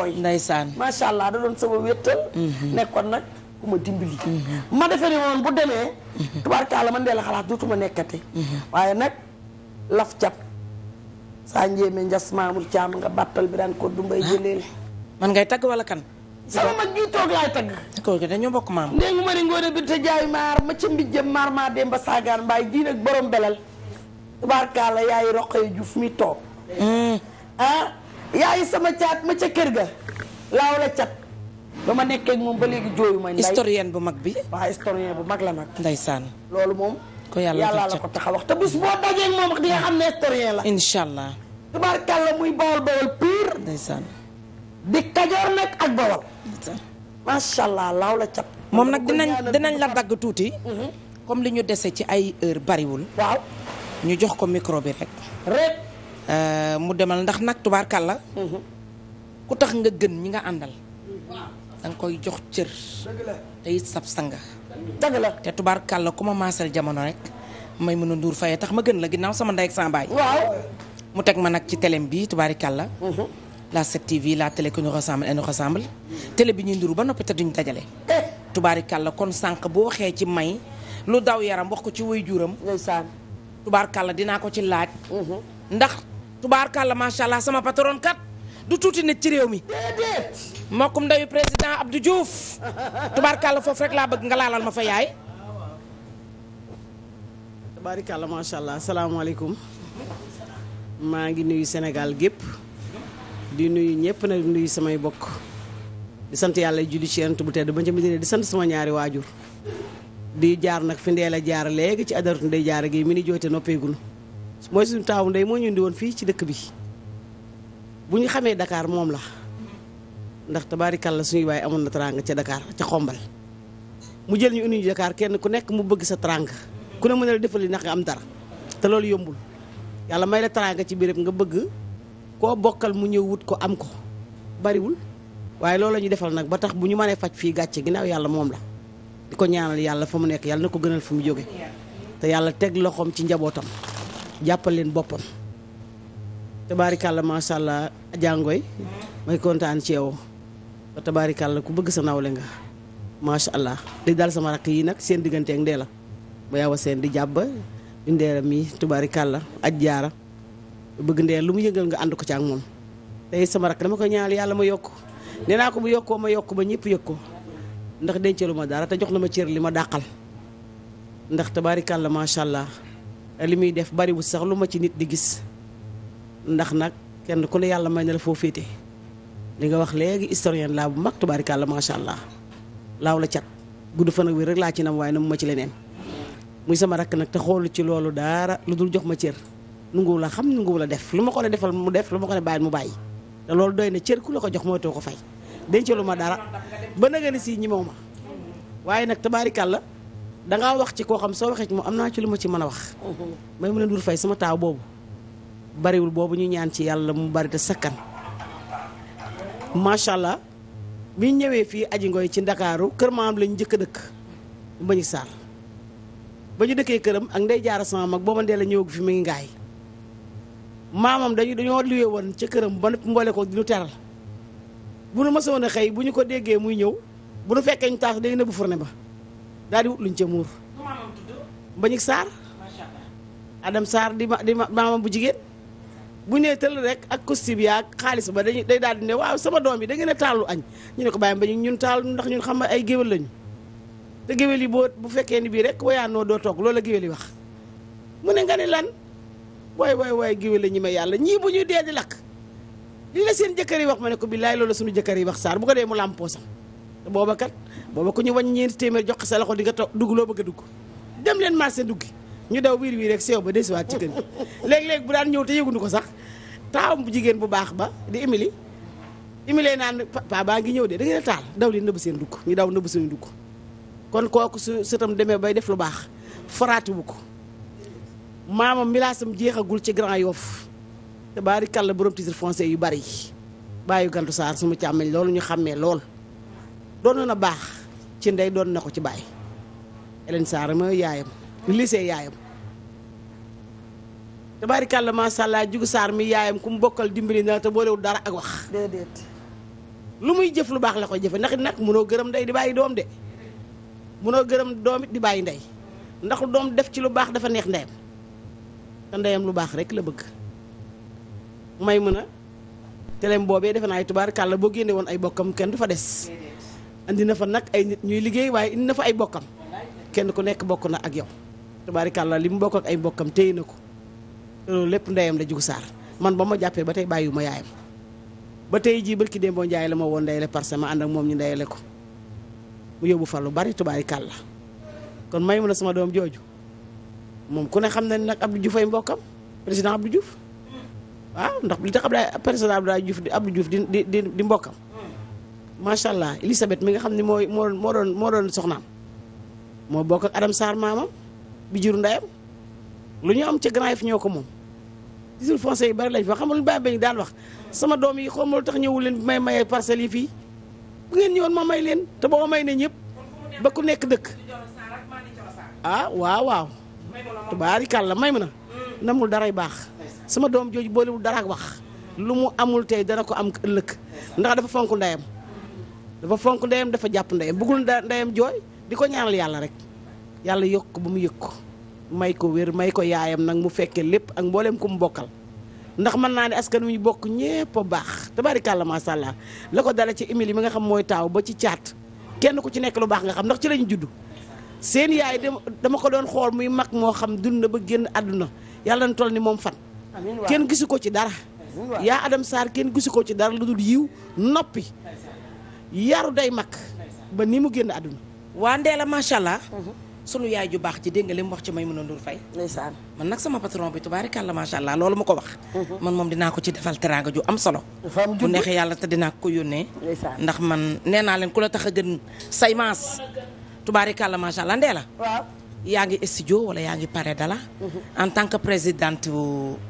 jooy ndeysaan macha allah da doon sama wéttal mhm. nekkoon nag ku ma dimbali mhm. ma defee ne woon bu demee mhm. tubaarkaala man dee la xalaat dootuma nekkati waaye nag laf cap saa njéemé njas maamul caam nga bàttal bi daan ko dumbay ah. jëleel man ngay tagg wala kan sama mag gi toog laay tagg ko dañoo bokk maam ndéngu ma ri ngoone bi te jaay maar ma ca mbijjëm maar maa dem saagaan mbaay jii nag borom belal tubaarkaala yaay roqee juuf mi toog mm. ah, yaay sama caat ma ca kër ga laaw la cat ba ma nekkee moom ba léegi jooyu ma nday historien bu mag bi waaw historien bu mag la nag ndeysaan loolu moom ko yàlla la ko tax a wax te bis boo dajee moom wax di nga xam ne historien la incha allah tubaarkàlla muy bawal bawal pire ndeysaan di kajoor nag ak bawal macha allah laaw la cat moom nag dinañ dinañ la dagg tuuti mhm. comme li ñu dese ci ay heure bariwul waaw ñu jox ko micro rek Euh, mu demal ndax nag tubaarkàlla mhm. ku tax nga gën ñi nga àndal danga koy jox cër te it sab sanga dëgg la te ku ma maasal jamono rek may mën a nduur fayee tax ma gën la ginnaaw sama ndey ak sama mu teg ma nag ci télém bi tubaarkàlla mhm. la 7TV la télé que nous ressemble et nous ressemble télé bi ñuy nduru ba noppi te duñu dajale eh. tubaarkàlla kon sànq boo waxee ci may lu daw yaram wax ko ci way juram tubaarkàlla dinaa ko ci laaj mhm. ndax tubaarkàlla macha allah sama patron kat du tuuti nit ci réew mi. déedéet. mbokkum ndeyu président Abdou Diouf tubaarkàlla foofu rek laa bëgg nga laalal ma fa yaay. tubaarkàlla macha allah salaamaaleykum maa ngi nuyu senegal gépp di nuyu ñëpp nag nuyu samay bokk di sant yàlla julli ci yonent bu tedd ba ca Medina di sant sama ñaari waajur di jaar nag fi ndee la jaar léegi ci adaratu ndey jaar gi mi ni jooyte noppeegunu mooy suñu taawu ndey moo ñu indi woon fii ci dëkk bi bu ñu xamee dakaar moom la ndax te tabaarikàlla suñuy baay amoon na teraanga ca dakaar ca xombal mu jël ñu indi ñu Dakar kenn ku nekk mu bëgg sa teraanga ku ne mën defal li nax nga am dara te loolu yombul yàlla may la teraanga ci biir nga bëgg koo bokkal mu ñëw wut ko am ko bariwul waaye loolu la ñu defal nag ba tax bu ñu manee faj fii gàcce ginnaaw yàlla moom la di ko ñaanal yàlla fa mu nekk yàlla na ko gënal fu mu jóge te yàlla teg loxoom ci njabootam. jàppal leen boppam tabaarikàlla macha allah jàngooy may kontaan ci yow tabaarikàlla ku bëgg sa nawle nga macha allah li daal sama rakk yi nag seen diggante ak ndee la mu yaw a seen di jàbb di ndeela mi tabaarikàlla aj bëgg ndee lu mu yëngal nga ànd ko ci ak moom tey sama rakk dama koy ñaanal yàlla ma yokk nee naa ko bu yokkoo ma yokk ba ñëpp yëg ko ndax dencalu ma dara te jox na ma cër li ma dàqal ndax tabaarikàlla macha allah li muy def bariwul sax lu ma ci nit di gis ndax nag kenn ku ne yàlla may na foo féete li nga wax léegi historien laa bu mag la macha allah laaw la cat gudd fa nag wér rek laa ci nam waaye na mu ma ci leneen muy sama rakk nag te xoolu ci loolu dara lu dul jox ma cër nungu la xam nungu la def lu ma ko ne defal mu def lu ma ko ne bàyyi mu bàyyi te loolu doy na cër ku la ko jox moytoo ko fay dencalu ma dara ba nagani si ñi dangaa wax ci koo xam soo waxee mu am naa ci lu ma ci mën a wax. Mhm. may mën a dur fay sama taaw boobu bariwul boobu ñu ñaan ci yàlla mu bari te sakkan macha allah bi ñu ñëwee fii aji ngoy ci ndakaaru kër lañ njëkk a dëkk Mbañik Sarr ba dëkkee këram ak ndey jaara sama mag booba ndee la ñëwagu fi mi ngi ngaay maamam dañu dañoo luye woon ca këram ba mboole ko lu teral bu nu mësoon a xëy bu ñu ko déggee muy ñëw bu nu fekkee ñu taas day nëbbu fourne ba. daal di wut luñ ca muur. Mbagnick Sarr. Adam Sarr di ma di maama bu jigéen. bu ñu nee tël rek ak costume yaa xaalis ba dañuy day daal di ne waaw sama doom yi da ngeen a taalu añ ñu ne ko bàyyi Mbagnick ñun taal ndax ñun xam nga ay géwél lañu. te géwél yi boo bu fekkee ni bii rek wayaanoo doo toog loolu la géwél yi wax mu ne nga ne lan waay waay waay géwél la ñi may yàlla ñii bu ñuy dee di lakk lii la seen jëkkër yi wax ma ne ko billaay loolu la suñu jëkkër yi wax Sarr bu ko dee mu làmpoo booba kat booba ku ñu wàññi ñeenti téeméer jox sa loxo di nga dugg loo bëgg a dugg dem leen marché duggi ñu daw wiir wiir rek seew ba desiwaat ci kër gi léeg-léeg bu daan ñëw te yëguñu ko sax taawam bu jigéen bu baax ba di Émilie Émilie naan papa baa ngi ñëw de da ngeen taal daw leen nëbb seen dugg ñu daw nëbb seen dugg kon kooku su sëtam demee bay def lu baax faraatiwu ko maamam milaasam jeexagul ci Grand Yoff te baari kàll borom titre foncier yu bari yi bàyyi gantu saar suma càmmeñ loolu ñu xàmmee lool doon na baax ci ndey doon na ko ci baay Hélène Sarr ma yaayam lycée yaayam tabaarikàlla macha allah jugu saar mi yaayam ku mu bokkal dimbali na te boolewul dara ak wax. lu muy jëf lu baax la koy jëfe ndax it nag mënoo gërëm ndey di bàyyi doom de mënoo gërëm doomit di bàyyi ndey ndax doom def ci lu baax dafa neex ndeyam te ndeyam lu baax rek la bëgg may mën a teleem boobee defe naa ay tubaar kàlla boo génne woon ay bokkam kenn du fa des indi na fa nag ay nit ñuy liggéey waaye indi na fa ay bokkam kenn ku nekk bokk na ak yow tabaarikàlla li mu bokk ak ay bokkam téye na ko lépp ndeyam la jugu saar man ba ma jàppee ba tey bàyyiwu ma yaayam ba tey jii barki Demba Ndiaye la ma woon ndeyale parce que ma ànd moom ñu ndeyale ko mu yóbbu lu bari tabaarikàlla kon may mu na sama doom jooju moom ku ne xam na ne nag Abdou Diouf ay mbokkam président Abdou Diouf waaw ndax li tax Abdoulaye président Abdoulaye Diouf di Abdou Diouf di di di mbokkam. macha allah Elisabeth mi nga xam ni mooy moo moo doon moo doon soxnaam moo bokk ak Adam Sarr maamam bi jur ndeyam lu ñu am ca Grand Yoff ñoo ko moom. gisul foncier yi bari lañ fa xamul bàyyi bañ daan wax sama doom yi xaw ma lu tax ñëwul leen may maye parcelles yi fii bu ngeen ñëwoon ma may leen te boo may ne ñëpp ba ku nekk dëkk. ah waaw waaw. tubaarikàlla may ma na. namul daray baax. sama doom jooju boolewul dara ak wax. lu mu amul tey dana ko am ëllëg ndax dafa fonk ndeyam. dafa fonk ndeyam dafa jàpp ndeyam bëggul ndeyam jooy di ko ñaanal yàlla rek yàlla yokk ba mu yëg ko may ko wér may ko yaayam nag mu fekkee lépp ak mbooleem ku mu bokkal ndax mën naa ne askan wi ñu bokk ñépp a baax tabaarikàlla macha allah la ko dala ci Émilie mi nga xam mooy taaw ba ci caat kenn ku ci nekk lu baax nga xam ndax ci lañu juddu seen yaay dama ko doon xool muy mag moo xam dund na ba génn àdduna yàlla na toll ni moom fan kenn gisu ko ci dara yaa Adam Sarr kenn gisu ko ci dara lu dul yiw noppi yaru day mag ba nii mu génn àdduna waa la macha allah. Mhm. sunu yaay ju baax ci dégg nga mu wax ci may Maimouna Ndour Faye ndeysaan man nag sama patron bi tubaarikàlla macha allah loolu ma ko wax mhm. man moom dinaa ko ci defal teraanga ju am solo bu neexee yàlla te dinaa ko yónnee ndax man nee naa leen ku la tax a gën say maas tubaarikàlla macha allah Ndella waaw yaa ngi studio wala yaa ngi pare dala mhm. en tant que présidente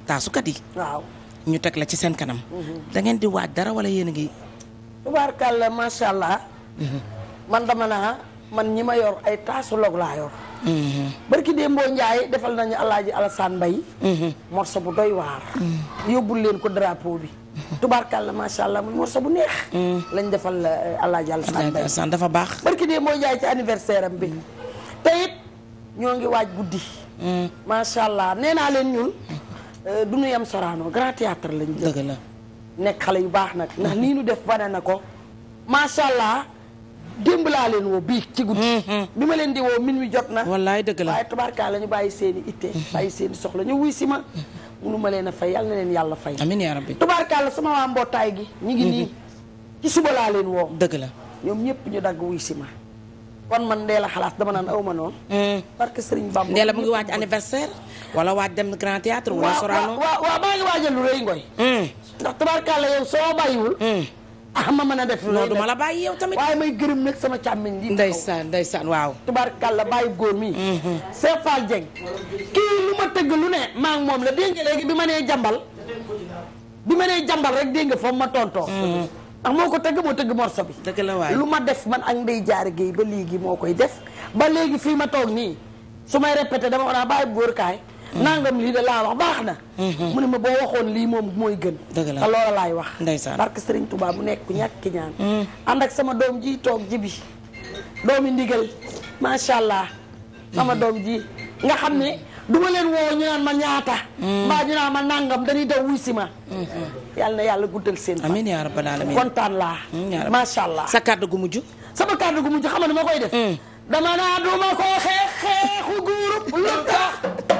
taasukat yi waaw ñu teg la ci seen kanam da ngeen di waaj wala yéen ngi tubaarkàlla macha allah. man dama naa man ñi ma yor ay taasu log laa yor. barki Dembo Ndiaye defal nañu alaaji Alassane Mbaye morso bu doy waar. yóbbul leen ko drapeau bi. tubaarkàlla macha allah muy morso bu neex. lañ defal eh, alaaji Alassane Mbaye dafa baax. barki Dembo Ndiaye ci anniversaire am bi. te ñoo ngi waaj guddi. Mm. macha allah nee naa leen ñun. Eh, du ñu yem Sorano grand théâtre lañ. dëgg la. nekk xale yu baax nag ndax nii nu def wane na ko macha allah démb laa leen woo bii ci guddi. Mm-hmm. bi ma leen di woo min wi jot na. wallaay dëgg la waaye tubaarkaa la ñu bàyyi seen i itte. Mm-hmm. bàyyi soxla ñu wuy si ma. Mm-hmm. leen a na leen yàlla fay. amiin yaa rabbi tubaarkaa la sama waa mbootaay gi. ñu ngi nii ci suba laa leen woo. dëgg la ñoom ñëpp ñu dagg wuy si ma. kon man la xalaat dama naan aw ma noonu. parce que Serigne Bamba. la mu ngi waaj anniversaire. wala waaj dem Grand Théâtre wala Sorano. ngi waajal lu rëy ngoy mm. ndax tabarkalla yow soo ma bàyyiwul. Hmm. ah a def. loolu duma la bàyyi yow tamit. waaye may gërëm nag sama càmmiñ lii. ndeysaan ndeysaan waaw. tabarkalla bàyyi góor mi. Hmm. Seex Faal Jeng kii lu ma tëgg lu ne maa moom la dégg nga léegi bi ma nee jàmbal. bi ma nee jàmbal rek dégg nga foofu ma tontoo. Hmm. ndax moo ko tëgg moo tëgg morso bi. dëgg la lu ma def man ak ndey jaare géey ba gi moo koy def ba léegi fii ma toog nii su may répété dama war a bàyyi góor kaay nangam lii de laa wax baax na. Mhm. mu ne ma boo waxoon lii moom mooy gën. dëgg la te loola laay wax. ndeysaan barke Serigne Touba bu nekk ñàkk ñaan. Mhm. ànd ak sama doom ji toog ji bi doomi ndigal macha allah. sama mhm. doom ji nga xam ne du ma leen woo ñu naan ma ñaata. mbaa ñu naan ma nangam dañuy daw wuy si ma. yàlla na yàlla guddal seen fan. amiin yaa rabbal aalamiin kontaan laa. macha sa kàddu gu mujj. sama kàddu gu mujj xam nga ma koy def. dama naa duma ko xeex xeexu guurub lu tax.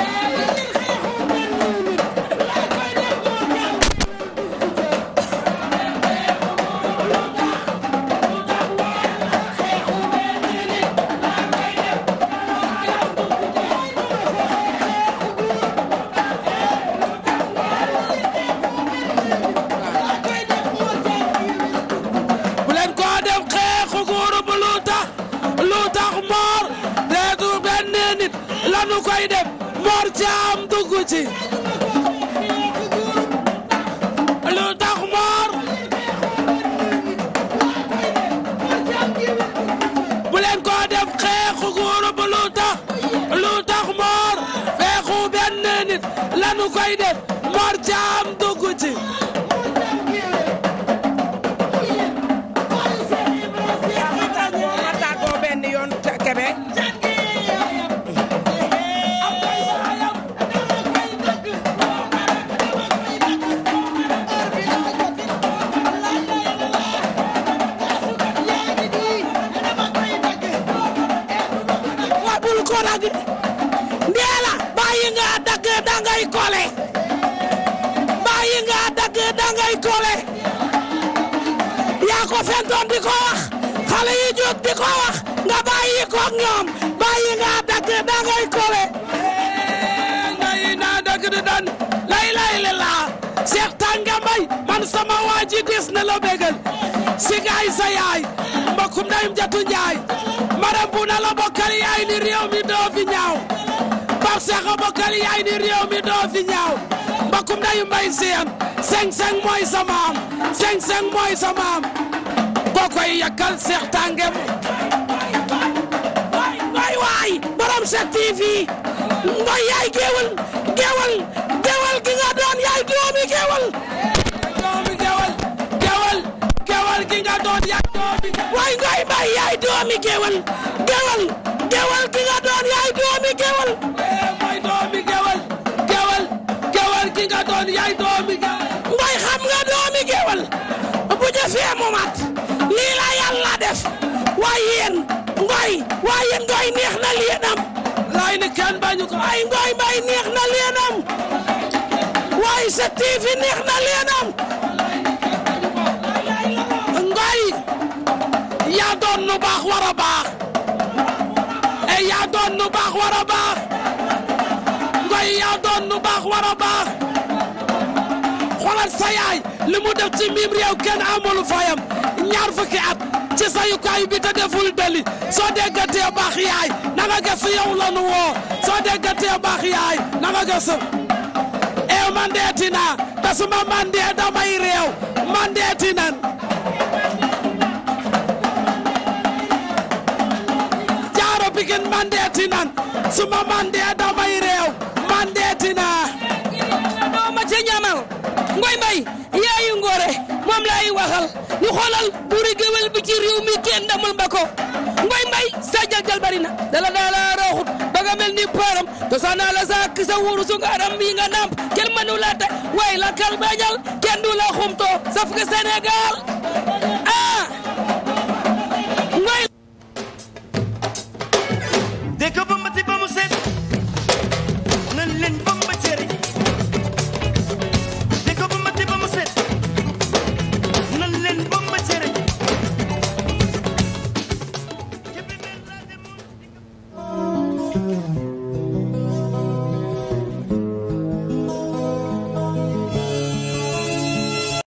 lépp Mor lu tax Mor bu leen ko def xeexu góor bu lu tax lu tax Mor feexu benn nit lanu koy def Mor Thiam dugg ci koog ñoom bàyyi nga dagg da ngay kowe bàyyi naa dagg di daan lay lay le laa Cheikh Tanga man sama waa ji des na la si gaay sa yaay mbakum ndayum jatu njaay maram la bokkal yaay ni réew mi doo ñaaw Pape Cheikh a seen seng seng mooy sa maam seng seng mooy sa maam boo koy yakkal Cheikh waay borom 7TV ndoy yaay géwal géwal géwal gi nga doon yaay doomi géwal doomi géwal géwal géwal gi nga doon yaay doomi waay ngoy bay yaay doomi géwal géwal géwal gi nga doon yaay doomi géwal eh, mooy doomi géwal géwal géwal gi nga doon yaay doomi géwal ngoy xam nga doomi géwal bu jëfee mu mat lii la yàlla def waay yéen waay ngooy neex na leenam laay ni kenn bañu ko ngooy mbay neex na leenam waay sa tiifi neex na leenam ngooy yaa doon baax war a baax e yaa doon baax war baax ngooy yaa doon baax war baax xoolal sa yaay li yaay na nga yow la woo soo déggatee baax yaay na nga gëstu ee eh, mandeeti naa te su ma mandee damay réew mandeeti su ma mandee damay réew Boy Mbaye yaayu Ngoré moom laay waxal ñu xoolal buuri géwél bi ci mi kenn damul ba ko Boy sa jalgal bari na dala dala rooxut ba nga mel ni paaram dosaanaa la sa kisa wuru su nga aram wi nga namp kenn mënu te waaye la bañal kenn du la xumtoo saf nga Sénégal ah Ngoy